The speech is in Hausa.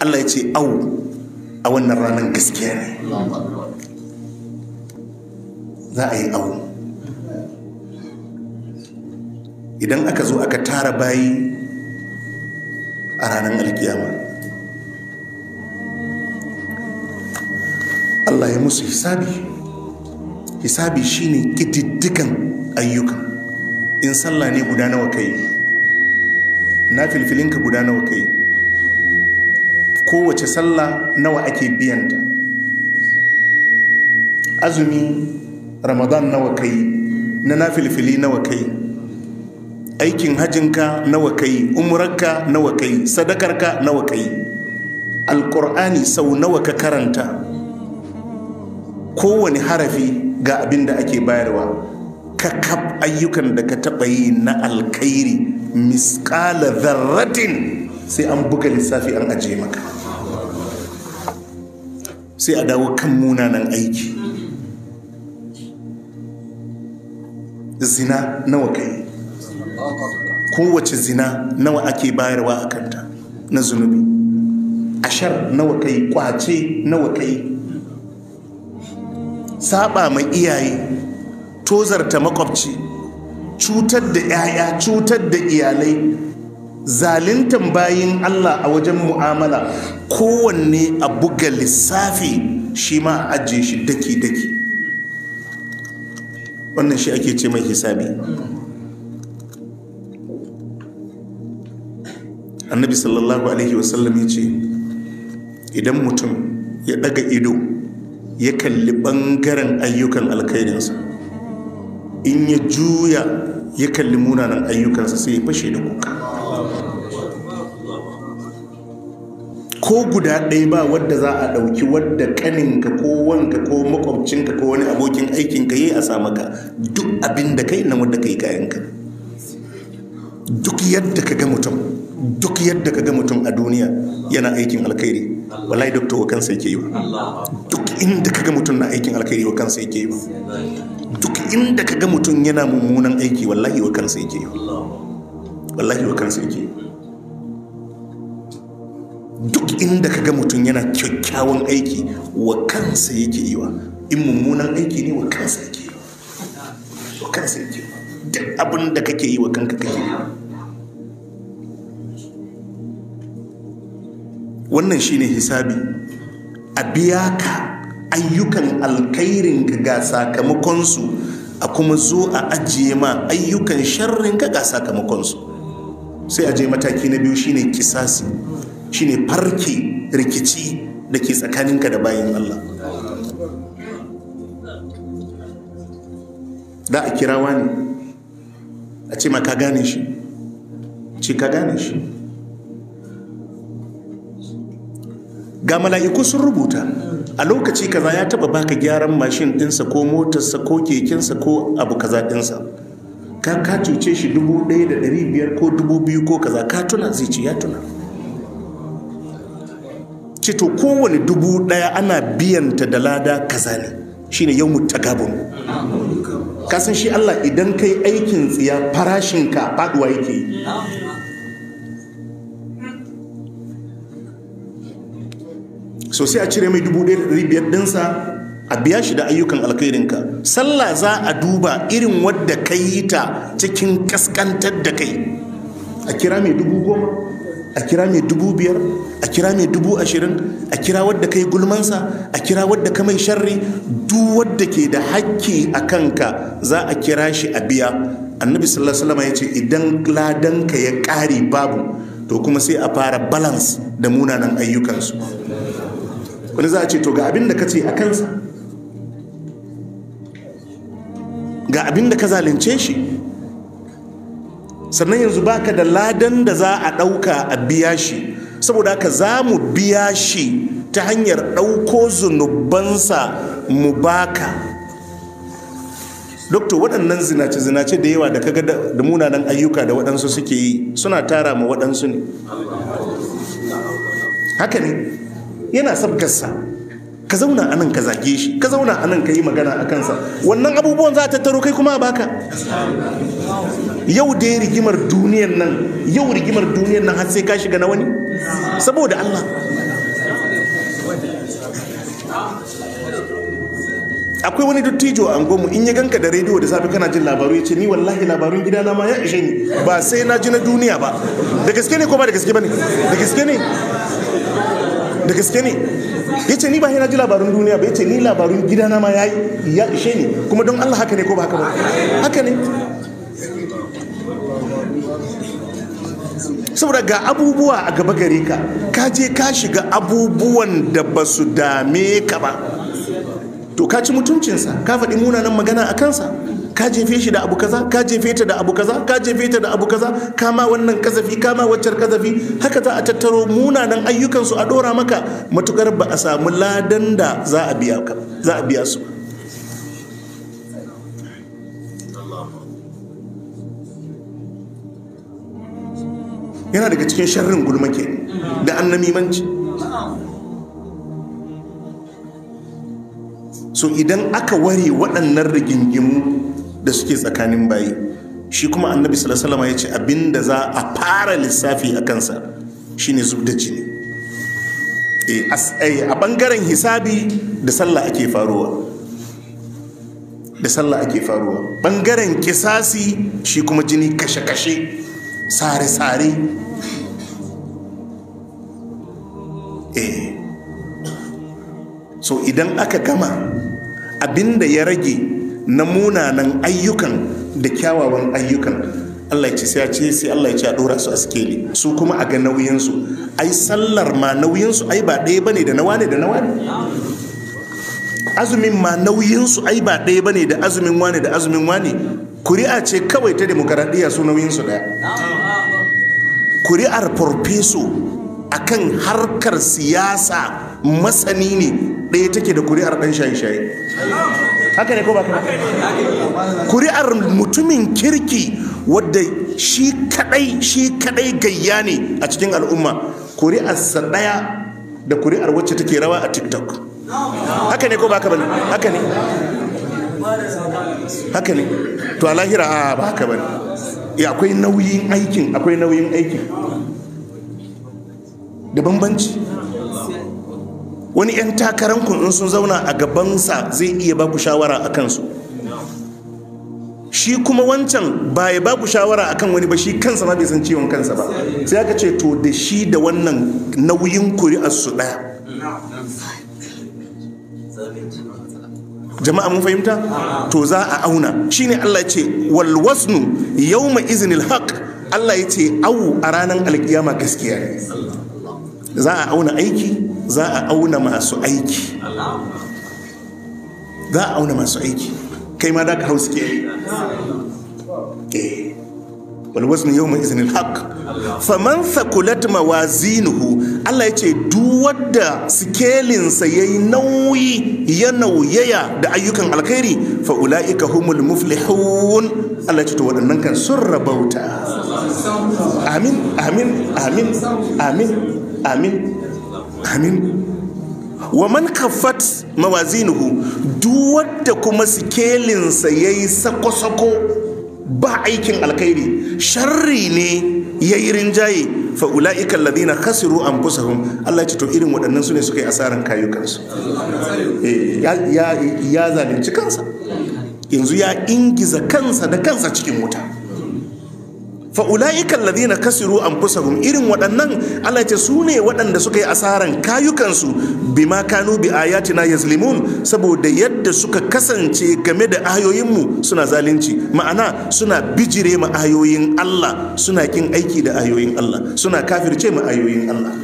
Allah ya ce au a wannan ranar gaskiya ne za a yi au idan aka zo aka tara bayi a ranar alkiyama Allah ya musu hisabi hisabi shine kididdikan ayyuka in sallah ne guda nawa kai na filfilinka guda nawa kai kowace sallah nawa ake biyanta azumi ramadan nawa kai na nafilfili nawa kai aikin hajinka nawa kai umurarka nawa kai sadakarka nawa kai alkur'ani sau nawa ka karanta kowane harafi ga abin da ake bayarwa ka kaf ayyukan da ka taɓa yi na alkairi miskala zarratin sai an buga lissafi an ajiye maka sai a dawo kan munanan aiki zina nawa kai kowace zina nawa ake bayarwa a kanta na zunubi ashar nawa kai kwace nawa kai saba mai iyaye tozarta makwabci cutar da 'ya'ya cutar da iyalai Zalintan bayin Allah a wajen mu'amala kowanne a buga lissafi shi ma a ajiye shi daki-daki wannan shi ake ce mai hisabi annabi sallallahu alaihi wasallam ya ce idan mutum ya daga ido ya kalli bangaren ayyukan alkhairinsa in ya juya ya kalli munanan ayyukansa sai ya fashe da kuka ko guda ɗaya ba wadda za a ɗauki wadda kaninka ko wanka ko makwabcinka ko wani abokin aikinka yi a sa maka duk abin da kai na wadda kai kayanka duk yadda ka ga mutum duk yadda ka ga mutum a duniya yana aikin alkhairi wallahi doctor wa kansa yake yi ba duk inda ka ga mutum na aikin alkhairi wa kansa yake yi ba duk inda ka ga mutum yana mummunan aiki wallahi wa kansa yake yi wallahi wa kansa yake yi duk inda ka ga mutum yana kyakkyawan aiki wa kansa yake yi wa in mummunan aiki ne wa kansa yake yi wa kansa yake yi duk abin da kake yi wa kanka kake yi wannan shine hisabi a biya ka ayyukan alkhairin ga sakamakonsu a kuma zo a ajiye ma ayyukan sharrin ga sakamakonsu sai a je mataki na biyu shine kisasi shine farke rikici da ke tsakaninka da bayan Allah da a kirawa ne a ce ma ka gane shi ce ka gane shi ga mala'iku sun rubuta a lokaci kaza ya taba baka gyaran mashin dinsa ko motarsa ko kekensa ko abu kaza dinsa ka ka cuce shi dubu ɗaya da ɗari biyar ko dubu biyu ko kaza ka tuna zai ce ya tuna ce to kowane dubu ɗaya ana biyan ta da lada kaza ne shine yawmu tagabun kasan shi Allah idan kai aikin tsiya farashinka faduwa yake yi so sai a cire mai dubu biyar dinsa a biya shi da ayyukan alkhairinka sallah za a duba irin wadda ka yi ta cikin kaskantar da kai a kira mai dubu goma a kira mai dubu biyar a kira mai dubu ashirin a kira wadda kai gulmansa a kira wadda ka mai sharri duk wadda ke da hakki a kanka za a kira shi a biya annabi sallallahu alaihi ya ce idan ladanka ya ƙare babu to kuma sai a fara balance da munanan ayyukansu wani za a ce to ga abin da ka ce a kansa ga abin da ka zalunce shi sannan yanzu baka da ladan da za a ɗauka a biya shi saboda haka za mu biya shi ta hanyar ɗauko zunubansa mu baka doktor waɗannan zinace-zinace da yawa da kaga da munanan ayyuka da waɗansu suke yi suna tara ma waɗansu ne haka ne yana sabgarsa ka zauna anan ka zage shi ka zauna anan ka yi magana a kansa wannan abubuwan za ta taro kai kuma a baka yau dai rigimar duniyar nan yau rigimar duniyar nan har sai ka shiga na wani saboda Allah akwai wani dattijo a angonmu in ya ganka da rediyo da safe kana jin labaru ya ce ni wallahi labarun gida na ma ya ishe ni ba sai na ji na duniya ba da gaske ne ko ba da gaske ba ne da gaske ne da gaske ne ya ce ni ba na ji labarin duniya ba ya ce ni labarin gidana ma ya ya ishe ni kuma don Allah haka ne ko ba haka ba haka ne saboda ga abubuwa a gaba gare ka ka je ka shiga abubuwan da ba su dame ka ba to ka ci mutuncinsa ka faɗi munanan magana a kansa ka jefe shi da abu kaza ka jefe ta da abu kaza ka jefe ta da abu kaza kama wannan kazafi kama waccar kazafi haka za a tattaro munanan ayyukansu a dora maka matukar ba a samu ladan da za a biya ka za a biya su yana daga cikin sharrin gulmake ke da annamimanci so idan aka ware waɗannan rigingimu da suke tsakanin bayi shi kuma annabi sallallahu ya ce abinda za a fara lissafi a kansa shine zub da jini eh, eh, a bangaren hisabi da sallah ake faruwa da sallah ake faruwa bangaren kisasi shi kuma jini kashe-kashe sare-sare eh. so idan aka gama abinda ya rage na munanan ayyukan da kyawawan ayyukan Allah ya ce sai ya ce sai Allah ya ce a dora su a sikeli su kuma a ga nauyinsu ai sallar ma nauyinsu ai ba ɗaya bane da nawa ne da nawa ne azumin ma nauyinsu ai ba ɗaya bane da azumin wane da azumin wane kuri'a ce kawai ta demokaradiyya su nauyinsu ɗaya kuri'ar farfeso akan harkar siyasa masani ne ɗaya take da kuri'ar ɗan shaye-shaye haka ne ko ba kuri'ar mutumin kirki wadda shi kadai shi kadai gayya ne a cikin al'umma kuri'arsa daya da kuri'ar wacce take rawa a tiktok haka ne ko ba ba haka ne haka ne to a lahira a ba haka ba ya eh, akwai nauyin aikin akwai nauyin aikin da bambanci wani 'yan takaranku in sun zauna a gabansa zai iya baku shawara a kansu shi kuma wancan ba ya baku shawara akan wani ba shi kansa ma bai san ciwon kansa ba sai aka ce to da shi da wannan nauyin kuri'ar su ɗaya jama'a mun fahimta to za a auna shine Allah ya ce wal wasnu yawma iznil haq Allah ya ce au a ranar alkiyama gaskiya ne za a auna aiki za a auna masu aiki za a auna masu aiki kai ma da ka hau eh. wani wasu ne yau mai izinin haka faman fakulat mawazinuhu Allah ya ce duwadda sikelinsa ya yi nauyi ya nauyaya da ayyukan alkhairi fa ula'ika humul muflihun Allah ya ce to waɗannan kan sun rabauta amin amin amin amin amin amin wa man kafat mawazinuhu duk wadda kuma sikelinsa yayi sako-sako ba aikin alkhairi sharri ne yayi rinjaye fa ulaika alladhina khasiru anfusahum Allah ce to irin waɗannan su ne suka yi asaran kayukansu eh, ya zalunci kansa yanzu ya ingiza kansa da kansa cikin wuta fa'ula'ikan fa'ula'ika na kasiru an anfusahum irin waɗannan Allah su ne waɗanda suka yi asaran kayukansu bima kanu bi na yazlimun saboda yadda suka kasance game da ayoyinmu suna zalunci ma'ana suna bijire ma ayoyin Allah suna kin aiki da ayoyin Allah suna kafirce ma ayoyin Allah